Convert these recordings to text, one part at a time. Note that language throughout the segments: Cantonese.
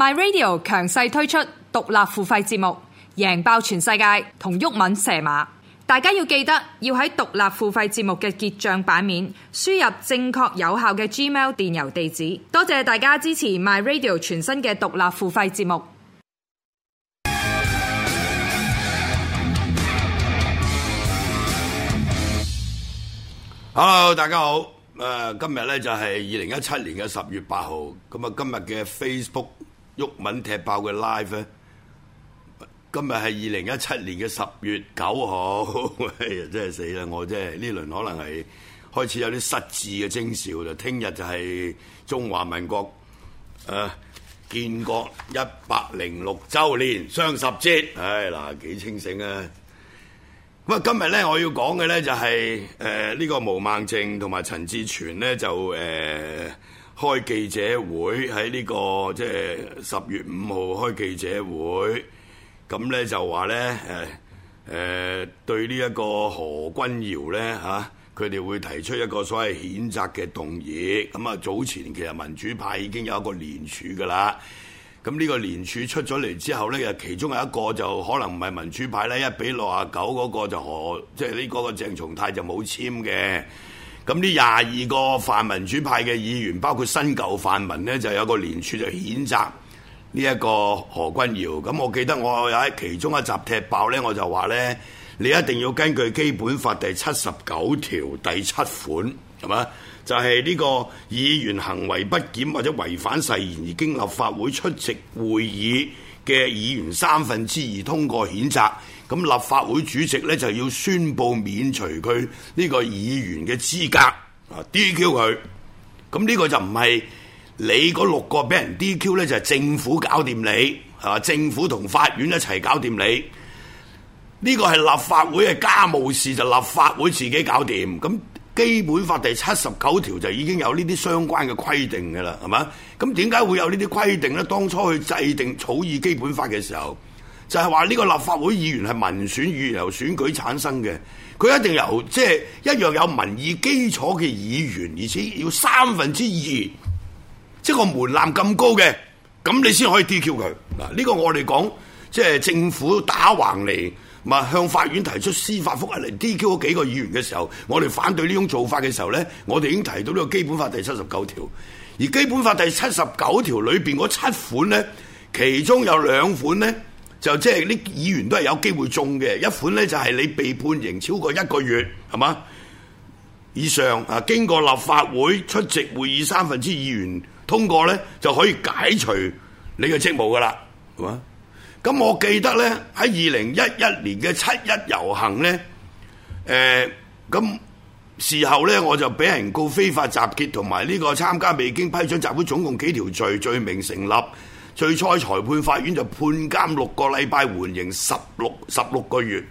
My Radio 強勢推出獨立付費節目，贏爆全世界同毓民蛇馬。大家要記得要喺獨立付費節目嘅結賬版面輸入正確有效嘅 Gmail 電郵地址。多謝大家支持 My Radio 全新嘅獨立付費節目。Hello，大家好。誒，今日咧就係二零一七年嘅十月八號。咁啊，今日嘅 Facebook。毓民踢爆嘅 live 咧，今日係二零一七年嘅十月九號，真係死啦！我真係呢輪可能係開始有啲失智嘅徵兆啦。聽日就係中華民國誒、啊、建國一百零六周年雙十節，唉嗱，幾清醒啊！咁啊，今日咧我要講嘅咧就係誒呢個毛孟靜同埋陳志全咧就誒。呃開記者會喺呢個即係十月五號開記者會，咁咧、這個、就話咧誒誒對呢一個何君堯咧嚇，佢、啊、哋會提出一個所謂譴責嘅動議。咁啊早前其實民主派已經有一個連署噶啦，咁呢個連署出咗嚟之後咧，其中有一個就可能唔係民主派咧，一比六啊九嗰個就何，即係呢個鄭松泰就冇簽嘅。咁呢廿二個泛民主派嘅議員，包括新舊泛民呢，就有個連署就譴責呢一個何君堯。咁我記得我有喺其中一集踢爆呢，我就話呢：「你一定要根據《基本法》第七十九條第七款，係嘛？就係呢個議員行為不檢或者違反誓言而經立法會出席會議。嘅議員三分之二通過譴責，咁立法會主席呢就要宣布免除佢呢個議員嘅資格，啊 DQ 佢。咁呢個就唔係你嗰六個俾人 DQ 呢，就係政府搞掂你，係嘛？政府同法院一齊搞掂你。呢、這個係立法會嘅家務事，就是、立法會自己搞掂。咁。基本法第七十九條就已經有呢啲相關嘅規定㗎啦，係嘛？咁點解會有呢啲規定呢？當初去制定草擬基本法嘅時候，就係話呢個立法會議員係民選議員，由選舉產生嘅，佢一定由即係一樣有民意基礎嘅議員，而且要三分之二，即個門檻咁高嘅，咁你先可以 DQ 佢嗱，呢個我哋講。即係政府打橫嚟，咪向法院提出司法覆核嚟 DQ 嗰幾個議員嘅時候，我哋反對呢種做法嘅時候呢，我哋已經提到呢個《基本法》第七十九條。而《基本法》第七十九條裏邊嗰七款呢，其中有兩款呢，就即係啲議員都係有機會中嘅。一款呢，就係你被判刑超過一個月，係嘛，以上啊，經過立法會出席會議三分之議員通過呢，就可以解除你嘅職務噶啦，係嘛？咁我記得呢，喺二零一一年嘅七一遊行呢，誒，咁事後呢，我就俾人告非法集結同埋呢個參加未經批准集會，總共幾條罪，罪名成立，最初裁、裁判法院就判監六個禮拜，緩刑十六十六個月。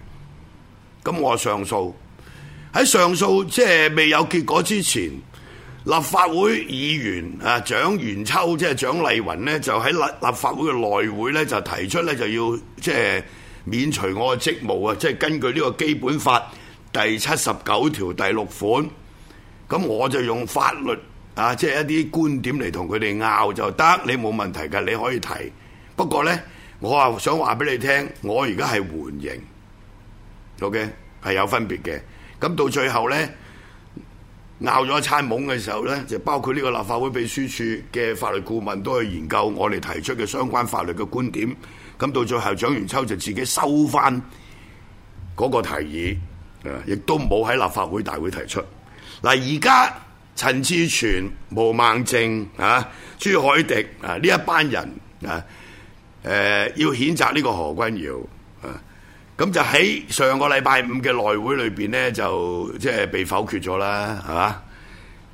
咁我上訴喺上訴即係未有結果之前。立法會議員啊，蔣元秋即係、就是、蔣麗雲呢，就喺立立法會嘅內會呢，就提出呢，就要即係、就是、免除我嘅職務啊！即、就、係、是、根據呢個基本法第七十九條第六款，咁我就用法律啊，即、就、係、是、一啲觀點嚟同佢哋拗就得，你冇問題嘅，你可以提。不過呢，我話想話俾你聽，我而家係援引，OK，係有分別嘅。咁到最後呢，拗咗一餐懵嘅時候咧，就包括呢個立法會秘書處嘅法律顧問都去研究我哋提出嘅相關法律嘅觀點。咁到最後蔣元秋就自己收翻嗰個提議，亦都冇喺立法會大會提出。嗱，而家陳志全、毛孟靜啊、朱凱迪啊呢一班人啊、呃，要譴責呢個何君堯。咁就喺上個禮拜五嘅內會裏邊呢，就即係被否決咗啦，係嘛？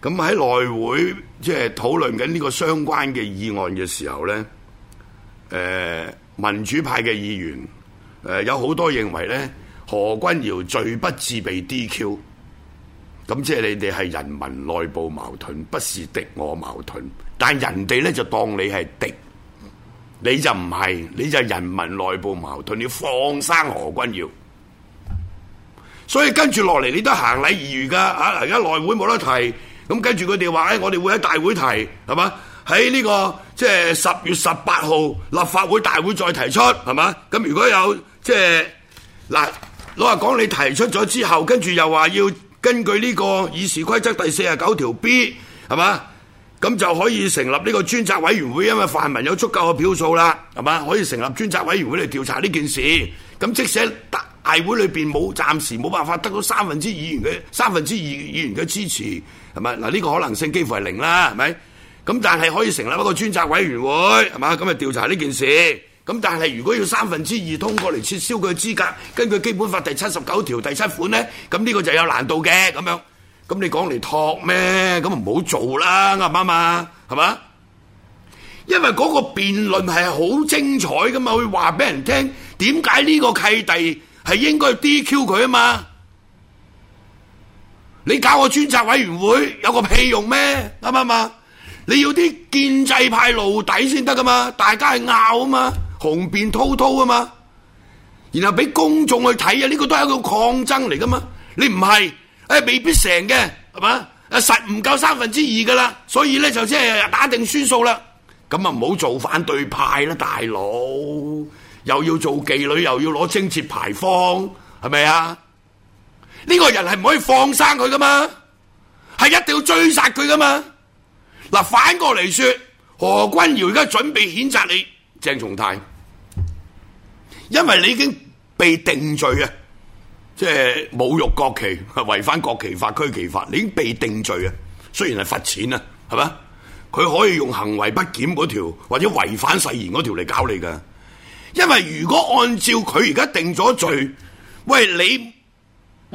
咁喺內會即係、就是、討論緊呢個相關嘅議案嘅時候呢，誒、呃、民主派嘅議員誒、呃、有好多認為呢，何君堯罪不自備 DQ，咁即係你哋係人民內部矛盾，不是敵我矛盾，但人哋呢，就當你係敵。你就唔係，你就人民內部矛盾，你放生何君堯？所以跟住落嚟，你都行禮如儀㗎，嗱，而家內會冇得提，咁跟住佢哋話，誒，我哋會喺大會提，係嘛？喺呢個即係十月十八號立法會大會再提出，係嘛？咁如果有即係嗱，老實講，你提出咗之後，跟住又話要根據呢個議事規則第四十九條 B，係嘛？咁就可以成立呢個專責委員會，因為泛民有足夠嘅票數啦，係嘛？可以成立專責委員會嚟調查呢件事。咁即使大會裏邊冇，暫時冇辦法得到三分之二議員嘅三分之二議員嘅支持，係咪？嗱，呢個可能性幾乎係零啦，係咪？咁但係可以成立一個專責委員會，係嘛？咁就調查呢件事。咁但係如果要三分之二通過嚟撤銷佢嘅資格，根據基本法第七十九條第七款咧，咁呢個就有難度嘅咁樣。咁你講嚟托咩？咁啊唔好做啦，啱唔啱嘛？係嘛？因為嗰個辯論係好精彩噶嘛，會去話俾人聽點解呢個契弟係應該 DQ 佢啊嘛？你搞個專責委員會有個屁用咩？啱唔啱嘛？你要啲建制派露底先得噶嘛？大家係拗啊嘛，雄辯滔滔啊嘛，然後畀公衆去睇啊，呢、這個都係一個抗爭嚟噶嘛？你唔係。誒，未必成嘅，係嘛？實唔夠三分之二噶啦，所以咧就即係打定輸數啦。咁啊，唔好做反對派啦，大佬，又要做妓女，又要攞貞節牌坊，係咪啊？呢、這個人係唔可以放生佢噶嘛？係一定要追殺佢噶嘛？嗱，反過嚟說，何君堯而家準備譴責你鄭松泰，因為你已經被定罪啊。即係侮辱國旗，違反國旗法、區旗法，你已經被定罪啊！雖然係罰錢啊，係嘛？佢可以用行為不檢嗰條，或者違反誓言嗰條嚟搞你㗎。因為如果按照佢而家定咗罪，喂，你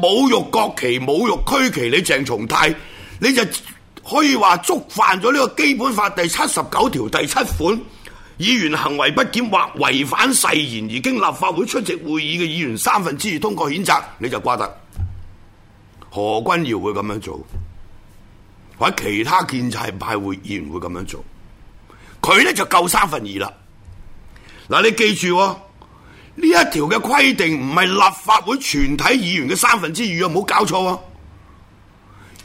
侮辱國旗、侮辱區旗，你鄭松泰，你就可以話觸犯咗呢個基本法第七十九條第七款。議員行為不檢或違反誓言而經立法會出席會議嘅議員三分之二通過譴責，你就瓜得。何君堯會咁樣做，或者其他建制派會議員會咁樣做，佢咧就夠三分二啦。嗱，你記住喎，呢一條嘅規定唔係立法會全體議員嘅三分之二啊，唔好搞錯啊。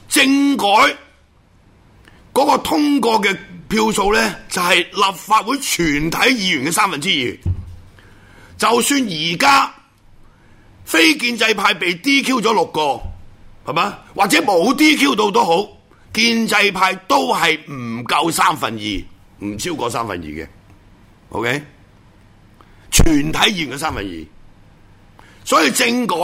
政改嗰個通過嘅。票數呢，就係、是、立法會全體議員嘅三分之二，就算而家非建制派被 DQ 咗六個，係嘛，或者冇 DQ 到都好，建制派都係唔夠三分二，唔超過三分二嘅，OK，全體議員嘅三分二，所以政改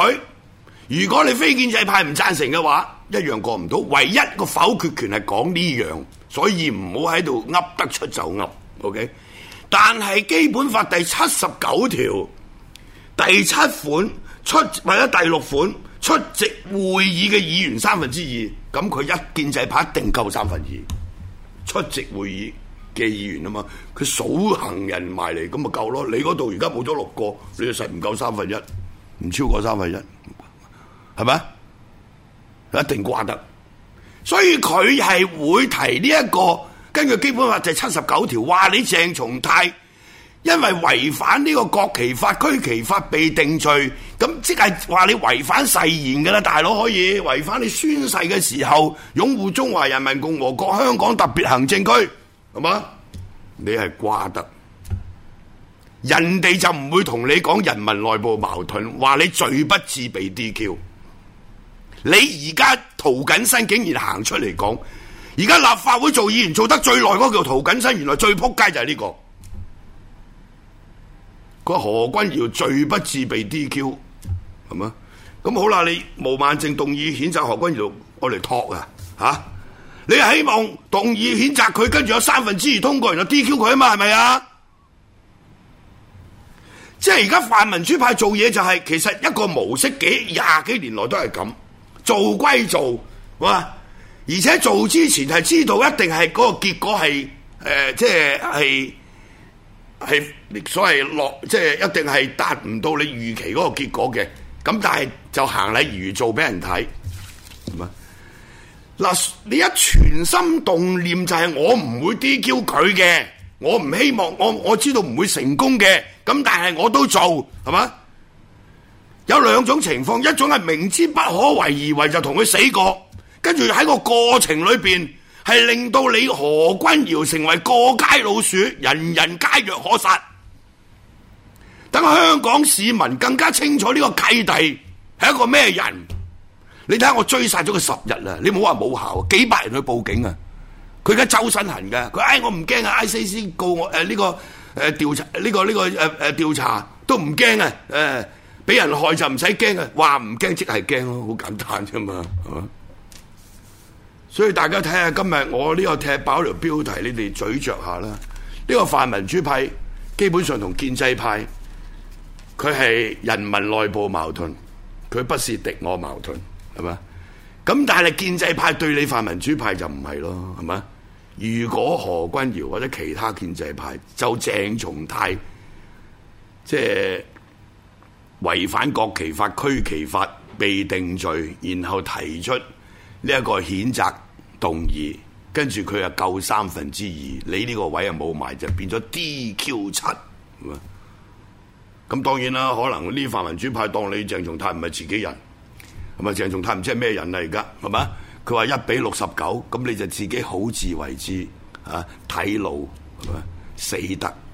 如果你非建制派唔贊成嘅話。一樣過唔到，唯一個否決權係講呢樣，所以唔好喺度噏得出就噏，OK？但係基本法第七十九條第七款出或者第六款出席會議嘅議員三分之二，咁佢一建制派一定夠三分之二出席會議嘅議員啊嘛，佢數行人埋嚟，咁咪夠咯？你嗰度而家冇咗六個，你就實唔夠三分一，唔超過三分一，係咪？一定瓜得，所以佢係會提呢、這、一個根據基本法第七十九條，話你鄭松泰因為違反呢個國旗法、區旗法被定罪，咁即係話你違反誓言噶啦，大佬可以違反你宣誓嘅時候擁護中華人民共和國香港特別行政區，係嘛？你係瓜得，人哋就唔會同你講人民內部矛盾，話你罪不至被 DQ。你而家涂謹申竟然行出嚟講，而家立法會做議員做得最耐嗰個叫涂謹申，原來最扑街就係呢、這個。佢話何君堯最不自備 DQ 係嘛？咁好啦，你無漫正動議譴責何君堯，我嚟托啊吓！你希望動議譴責佢，跟住有三分之二通過，人就 DQ 佢啊嘛，係咪啊？即係而家泛民主派做嘢就係、是，其實一個模式幾廿幾年來都係咁。做歸做，哇！而且做之前係知道一定係嗰個結果係誒、呃，即係係係所謂落，即係一定係達唔到你預期嗰個結果嘅。咁但係就行禮如做俾人睇，係嘛？嗱，你一全心動念就係我唔會 DQ 佢嘅，我唔希望我我知道唔會成功嘅。咁但係我都做，係嘛？有兩種情況，一種係明知不可為而為，就同佢死過，跟住喺個過程裏邊係令到你何君堯成為過街老鼠，人人皆若可殺。等香港市民更加清楚呢個契弟係一個咩人？你睇下，我追殺咗佢十日啦，你唔好話冇效，幾百人去報警啊！佢而家周身痕噶，佢唉，我唔驚啊！I C C 告我誒，呢、呃呢個誒、呃、調查呢、呢個呢、呢個誒誒、呃、調查都唔驚啊誒。呃俾人害就唔使驚啊！話唔驚即係驚咯，好簡單啫嘛，係嘛？所以大家睇下今日我呢個踢爆條標題，你哋咀嚼下啦。呢個泛民主派基本上同建制派，佢係人民內部矛盾，佢不是敵我矛盾，係嘛？咁但係建制派對你泛民主派就唔係咯，係嘛？如果何君堯或者其他建制派就鄭松泰，即係。違反國旗法、區旗法被定罪，然後提出呢一個譴責動議，跟住佢又夠三分之二，你呢個位又冇埋就變咗 DQ 七，咁當然啦，可能呢泛民主派當你鄭松泰唔係自己人，係咪？鄭松泰唔知係咩人啦，而家，係嘛？佢話一比六十九，咁你就自己好自為之啊，睇路係嘛死得。